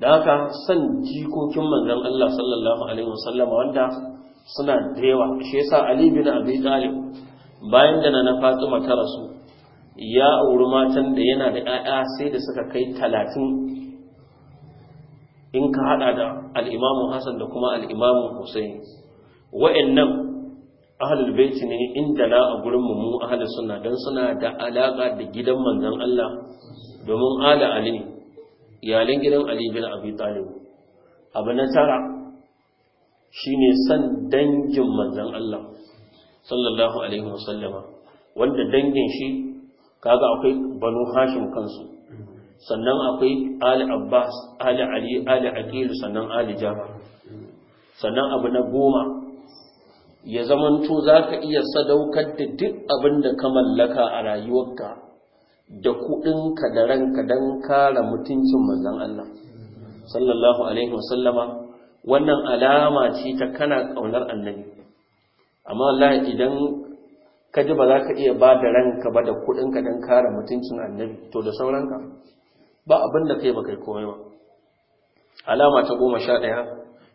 da aka san jikokin manzon Allah sallallahu alaihi wasallama wanda suna da yawa shi yasa Ali bin Abi Talib bayan da na Fatima ta rasu ya auri matan da yana da 'ya'ya sai da suka kai talatin in ka hada da al'imamun hassan da kuma al'imamun hussein wa'yannan ahalul baiti ne inda na a gurin mu ahalul suna don suna da alaƙa da gidan manzan Allah domin ala ali iyalan gidan ali bin abi talib abu na tara shi ne san dangin manzan Allah sallallahu alaihi wasallama wanda dangin shi kaga akwai banu hashim kansu sannan akwai ali abbas ali ali ali aqil sannan ali Jaba, sannan abu na goma ya zamanto zaka iya sadaukar da duk abin da ka mallaka a rayuwarka da kuɗinka da ranka don kare mutuncin manzon Allah sallallahu alaihi wasallama wannan alama ce ta kana kaunar annabi amma wallahi idan ka ji ba za ka iya ba da ranka ba da kuɗinka don kare mutuncin annabi to da sauranka ba abin da kai ba kai komai ba alama ta goma sha ɗaya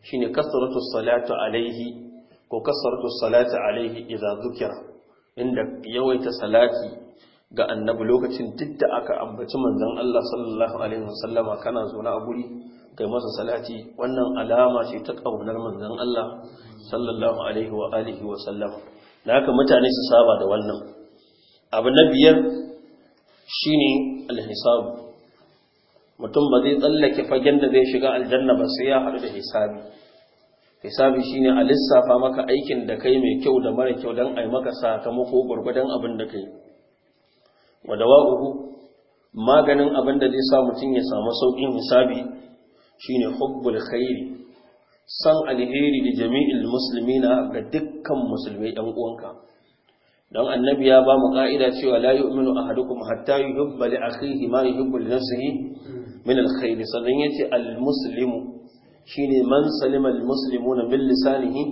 shi ne kasaratu salatu alaihi ko kasaratu salatu alaihi idan zukira inda yawaita salati ga annabi lokacin duk da aka ambaci manzan Allah sallallahu alaihi wasallama kana zo a guri kai masa salati wannan alama ce ta ƙaunar manzan Allah sallallahu alaihi wa alihi wa sallama da haka mutane su saba da wannan abu na biyar shine alhisabu mutum ba zai tsallake fagen da zai shiga aljanna ba sai ya haɗu da hisabi hisabi shine a lissafa maka aikin da kai mai kyau da mara kyau don a yi maka sakamako gwargwadon abin da kai wadawa'uhu maganin abin da zai sa mutum ya samu sauƙin hisabi shine hubbul khairi san alheri da jami'il muslimina ga dukkan musulmai ɗan uwanka don annabi ya ba mu ka'ida cewa la yu'minu ahadukum hatta yuhibba li akhihi ma yuhibbu li nafsihi min alkhairi sannan yace almuslimu shine man salima almuslimuna min lisanihi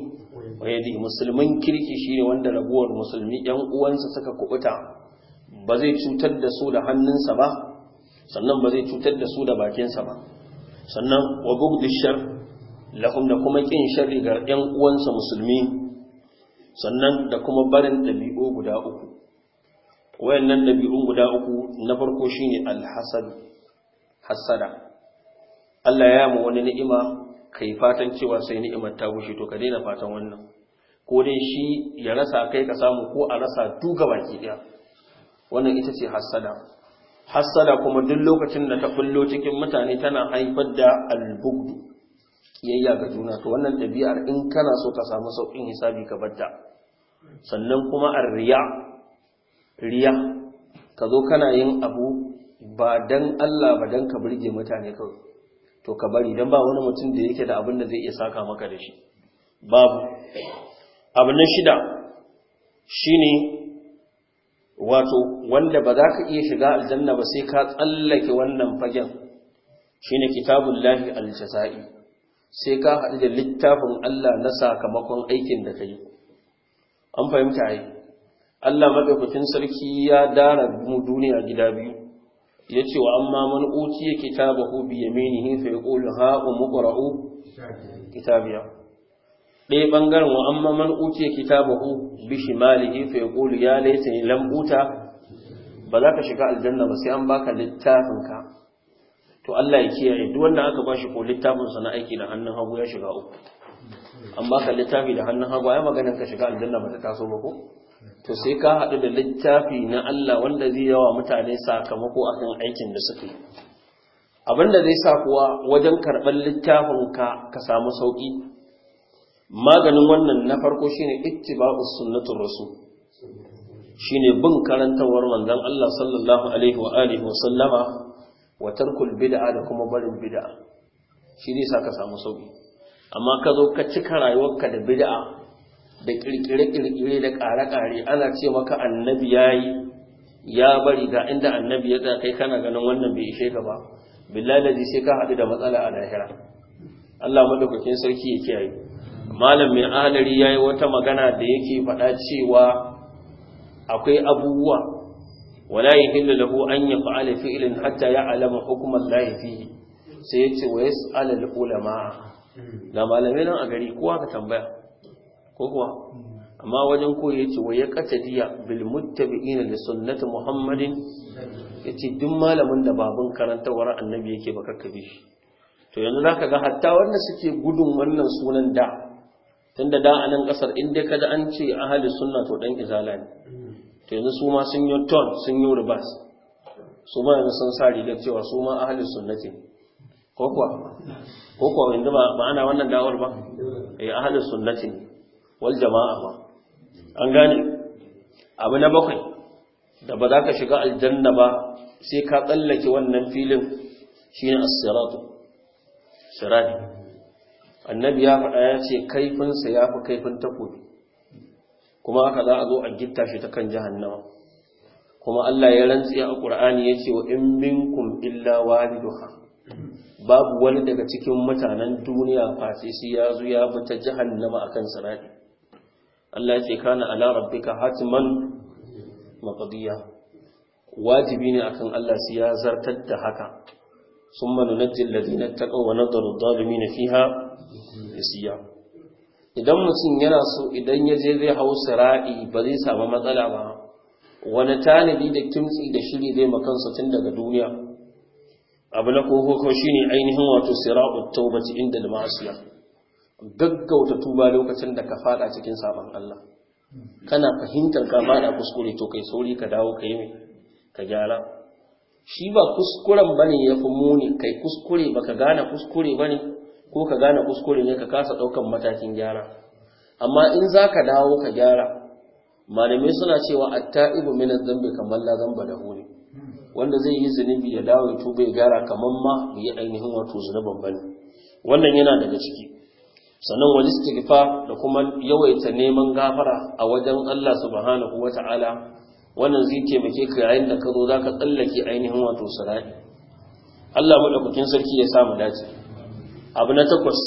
wa yadihi musulmin kirki shine wanda rabuwar musulmi yan uwansa suka kubuta ba zai cutar da su da hannunsa ba sannan ba zai cutar da su da bakinsa ba sannan wa bugdi shar lahum da kuma kin sharri ga yan uwansa musulmi sannan da kuma barin dabi'u guda uku wayannan dabi'un guda uku na farko shine alhasad hassada Allah ya mu wani ni'ima kai fatan cewa sai ni'imar ta bushe to ka daina fatan wannan ko dai shi ya rasa kai ka samu ko a rasa duka baki daya wannan ita ce hassada hassada kuma duk lokacin da ta kullo cikin mutane tana haifar da albugdu kiyayya ga juna to wannan ɗabi'ar in kana so ka samu sauƙin hisabi ka batta sannan kuma arriya riya ka zo kana yin abu ba don Allah ba don ka burge mutane kawai to ka bari don ba wani mutum da yake da abin da zai iya saka maka da shi babu abu na shida shine wato wanda ba za ka iya shiga aljanna ba sai ka tsallake wannan fagen shine kitabullahi aljazai sai ka haɗu da littafin Allah na sakamakon aikin da ka yi an fahimta yi Allah maɗaukakin sarki ya dara mu duniya gida biyu ya ce wa amma man uciye kitabahu bi yaminihi fa yaqulu ha umqra'u kitabiya ɗaya ɓangaren wa amma man uciye ku bi shimalihi fa yaqulu ya laita lam uta ba za ka shiga aljanna ba sai an baka littafinka to Allah ya kiyaye duk wanda aka bashi ko littafin sa na aiki da hannun hagu ya shiga uku an baka littafi da hannun hagu ai maganar ka shiga aljanna ba ta taso ba ko to sai ka haɗu da littafi na Allah wanda zai yawa mutane sakamako akan aikin da suke abinda zai sa kuwa wajen karɓar littafin ka ka samu sauƙi maganin wannan na farko shine ittiba'us sunnatur rasul shine bin karantawar manzon Allah sallallahu alaihi wa alihi wa sallama wa tarkul bid'a da kuma barin bid'a shi sa ka samu sauƙi amma ka zo ka cika rayuwarka da bid'a da kirkire-kirkire da ƙare-ƙare ana ce maka annabi ya ya bari ga inda annabi ya tsaya kai kana ganin wannan bai ishe ka ba billahi sai ka haɗu da matsala a lahira Allah madaukakin sarki ya kiyaye malam mai ya yayi wata magana da yake faɗa cewa akwai abubuwa wala yahillu lahu an yaf'ala fi'lan hatta ya'lama hukma Allah fihi sai yace wa yas'al al ulama ga malamai nan a gari kowa ka tambaya ko kuwa amma wajen koyi yace wa ya qatadiya bil muttabi'in li sunnati muhammadin yace duk malamin da babun karantawar annabi yake baka kabe shi to yanzu zaka ga hatta wanda suke gudun wannan sunan da tunda da a nan kasar in dai kada an ce ahli sunna to dan izala ne to yanzu su ma sun yi ton sun yi ribas su ma yanzu sun sa rigar cewa su ma ahli sunnati ko kuwa ko kuwa yanzu ba ana wannan dawar ba eh ahli sunnati ne wal jama'a ba an gane abu na bakwai da ba za ka shiga aljanna ba sai ka tsallake wannan filin shine as-siratu sirati annabi ya faɗa ya ce kaifinsa ya fi kaifin takobi kuma za a zo a gitta shi ta kan jahannama kuma Allah ya rantsi a Qur'ani yace wa in minkum illa waliduha babu wani daga cikin mutanen duniya face shi ya zo ya bi ta jahannama akan sirati Allah ce kana ala rabbika hatman maqdiya wajibi ne akan Allah sai ya zartar da haka summa nunajjil ladina taqaw wa nadaru adh-dhalimin fiha yasiya idan mutum yana so idan ya je zai hau sira'i ba zai samu matsala ba wani tanadi da kimtsi da shiri zai makansa tun daga duniya abu na koko shine ainihin wato sira'ut tawbati inda al-ma'asiya gaggauta tuba lokacin da ka fada cikin sabon Allah kana fahimtar ka fada kuskure to kai sauri ka dawo ka yi mai ka gyara shi ba kuskuren bane ya fi muni kai kuskure baka gane kuskure bane ko ka gane kuskure ne ka kasa daukan matakin gyara amma in za ka dawo ka gyara malamai suna cewa atta'ibu min zambe kamar la zamba da huri wanda zai yi zunubi da dawo ya tuba ya gyara kamar ma bai ainihin wato zunuban bane wannan yana daga ciki sannan wani istighfar da kuma yawaita neman gafara a wajen Allah subhanahu Ta'ala wannan zai taimake ka yayin da ka zo za ka tsallake ainihin wato sarai Allah mu madaukakin sarki ya samu dace abu na takwas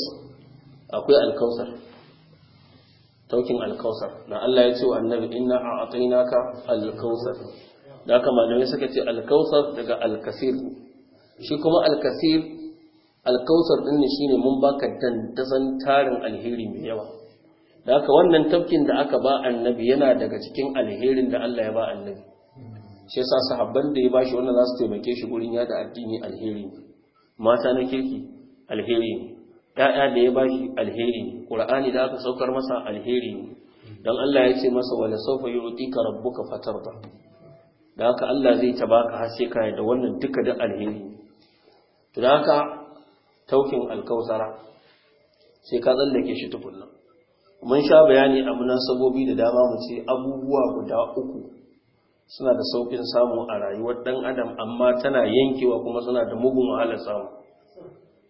akwai alkausar taukin alkausar na Allah ya ce wa annabi inna ka alkausar da haka malamai suka ce alkausar daga alkasir shi kuma alkasir alkausar din ne shine mun baka dandazon tarin alheri mai yawa da haka wannan tafkin da aka ba annabi yana daga cikin alherin da Allah ya ba annabi shi yasa sahabban da ya bashi wannan zasu su taimake shi gurin da addini alheri mata na kirki alheri ya'ya da ya bashi alheri qur'ani da aka saukar masa alheri dan Allah ya ce masa wala sawfa yu'tika rabbuka fatarda da haka Allah zai tabaka har sai ka da wannan duka da alheri to da haka taukin alkausara sai ka tsallake shi tukunna mun sha bayani a munasabobi da dama mu ce abubuwa guda uku suna da saukin samu a rayuwar dan adam amma tana yankewa kuma suna da mugun wahalar samu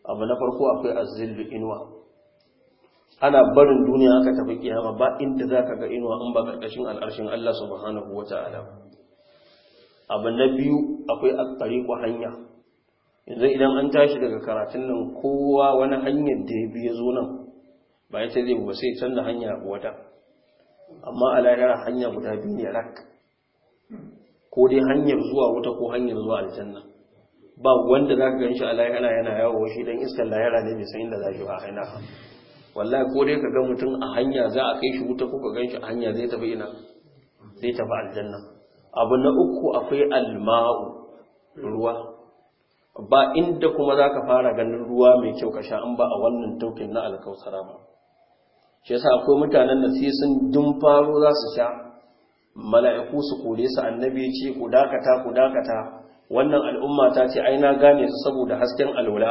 abu na farko akwai azzillu inuwa ana barin duniya aka tafi kiyama ba inda za ka ga inuwa in ba karkashin al'arshin Allah subhanahu wa ta'ala abu na biyu akwai aktariku hanya yanzu idan an tashi daga karatun nan kowa wani hanyar da ya biya zo nan ba ya zai ba sai canza hanya wata amma a lahira hanya guda biyu ne rak ko dai hanyar zuwa wuta ko hanyar zuwa aljanna ba wanda za ka ganshi a lahira yana yawo shi dan iskar lahira ne bai san inda za shi ba a haina wallahi ko dai ka ga mutum a hanya za a kai shi wuta ko ka ganshi a hanya zai tafi ina zai tafi aljanna abu na uku akwai alma'u ruwa ba inda kuma za ka fara ganin ruwa mai kyau ka sha an ba a wannan taukin na alkausara ba shi yasa akwai mutanen da sai sun dun faro za su sha mala'iku su kore su annabi ya ce ku dakata ku dakata wannan al'umma ta ce ai na gane su saboda hasken alwala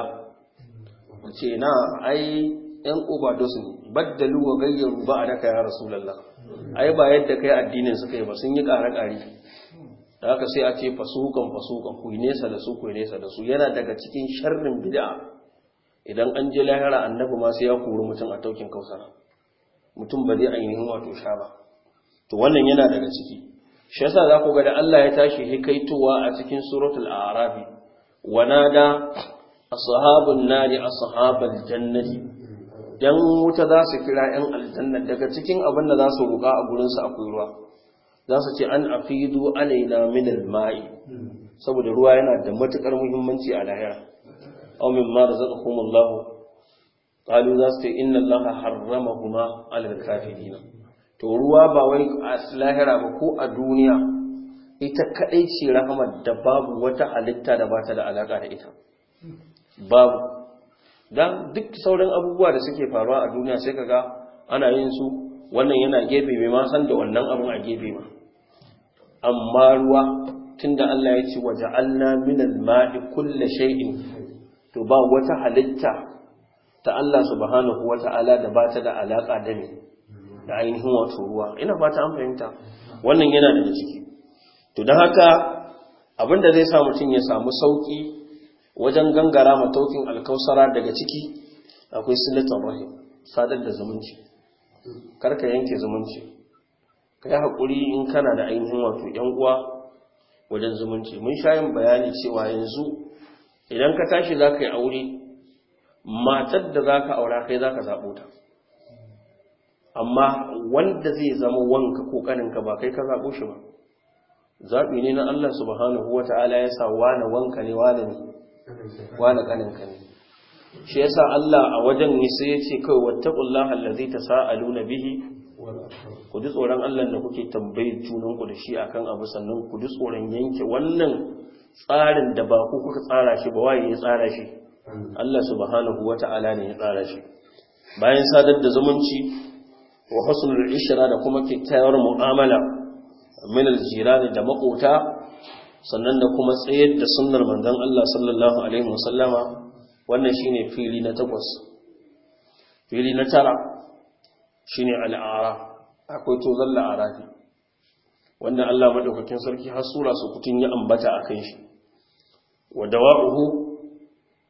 ce na ai yan overdose bad baddalu wa gayyaru ba a daka ya rasulullah ai ba yadda kai addinin suka yi ba sun yi ƙare-ƙare da haka sai a ce fasukan fasukan ku nesa da su ku nesa da su yana daga cikin sharrin bid'a idan an je lahira annabi ma sai ya kori mutum a taukin kausar mutum ba zai ainihin wato sha ba to wannan yana daga ciki shi yasa za ku ga da Allah ya tashi hikaituwa a cikin suratul a'rafi wanada ashabun nari ashabal jannati dan wuta za su kira yan aljanna daga cikin abin da za su ruka a gurin su akwai ruwa za su ce an afidu alaina min alma'i saboda ruwa yana da matukar muhimmanci a lahira aw min ma razaqakum Allah qalu za su ce inna Allah huma ala alkafirin to ruwa ba wai a lahira ba ko a duniya ita kadai ce rahama da babu wata halitta da ba ta da alaka da ita babu dan duk sauran abubuwa da suke faruwa a duniya sai kaga ana yin su wannan yana gefe mai ma da wannan abin a gefe ma. amma ruwa tunda Allah ya ce waje na minal ma'i kulle shay'in to ba wata halitta ta Allah subhanahu wata'ala da ba ta da alaka da ne da ainihin wato ruwa ina fata an fahimta wannan yana daga ciki to don haka abinda zai sa mutum ya samu sauƙi wajen gangara mataukin alkausara daga ciki akwai silatar rahim sadar da zumunci karka yanke zumunci ka yi haƙuri in kana da ainihin wato ‘yan uwa wajen zumunci mun sha yin bayani cewa yanzu idan ka tashi za ka yi aure matar da za ka aura kai za ka zaɓo ta amma wanda zai zama wanka ko kaninka ba kai ka zaɓo shi ba zaɓi ne na Allah subhanahu wa ta'ala ya sa wane wanka ne wane ne wane ne shi yasa Allah a wajen ne sai ya ce kai wattaqullaha allazi tasaaluna bihi ku ji tsoron Allah da kuke tambayi junan ku da shi akan abu sannan ku ji tsoron yanke wannan tsarin da ba ku kuka tsara shi ba waye ya tsara shi Allah subhanahu wata'ala ne ya tsara shi bayan sadar da zumunci wa husnul ishra da kuma kyakkyawar mu'amala min aljirani da makota sannan da kuma tsayar da sunnar manzon Allah sallallahu alaihi wasallama wannan shine fili na takwas fili na tara shine al'ara akwai tozon la'arafi Wannan Allah madaukakin sarki har sura su kutun ya ambata akan shi wa dawa'uhu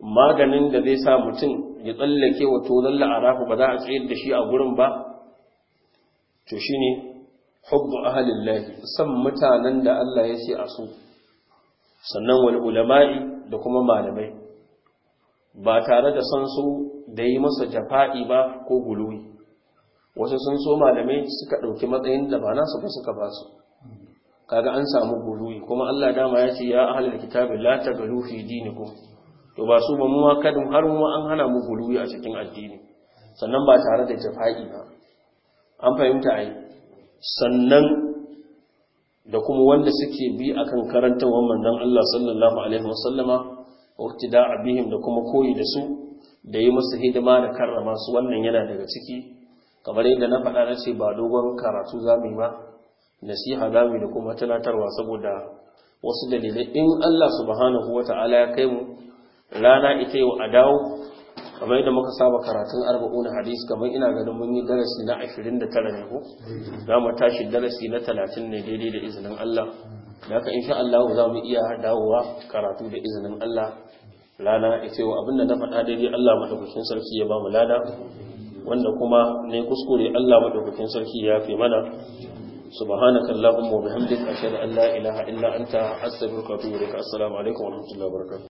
maganin da zai sa mutum ya tsallake wa tozon la'arafi ba za a tsayar da shi a gurin ba to shine hubbu ahalin lahi san mutanen da Allah ya ce a su sannan wani ulama'i da kuma malamai ba tare da san su da yi masa jafa'i ba ko guluwi wasu sun so malamai suka ɗauki matsayin da ba nasu ba suka ba su kaga an samu guluwi kuma Allah dama ya ce ya ahlul kitabin la tagalu fi dinikum to ba su ba mu ma kadin har mu an hana mu guluwi a cikin addini sannan ba tare da jafa'i ba an fahimta ai sannan da kuma wanda suke bi akan wannan manzon Allah sallallahu alaihi wasallama urtida bihim da kuma koyi da su da yi musu hidima da karrama su wannan yana daga ciki kamar yadda na faɗa na ce ba dogon karatu za mu yi ba nasiha za mu da kuma tunatarwa saboda wasu dalilai in Allah subhanahu wa ta'ala ya kai mu rana ita yau a dawo kamar yadda muka saba karatun arba'una hadis kamar ina ganin mun yi darasi na 29 ne ko za mu tashi darasi na 30 ne daidai da izinin Allah da haka insha Allah za mu iya dawowa karatu da izinin Allah lana ya ce wa abinda na faɗa daidai Allah madaukakin sarki ya ba mu lada wanda kuma ne kuskure Allah madaukakin sarki ya fi mana سبحانك اللهم وبحمدك أشهد أن لا إله إلا أنت أستغفرك وأتوب إليك السلام عليكم ورحمة الله وبركاته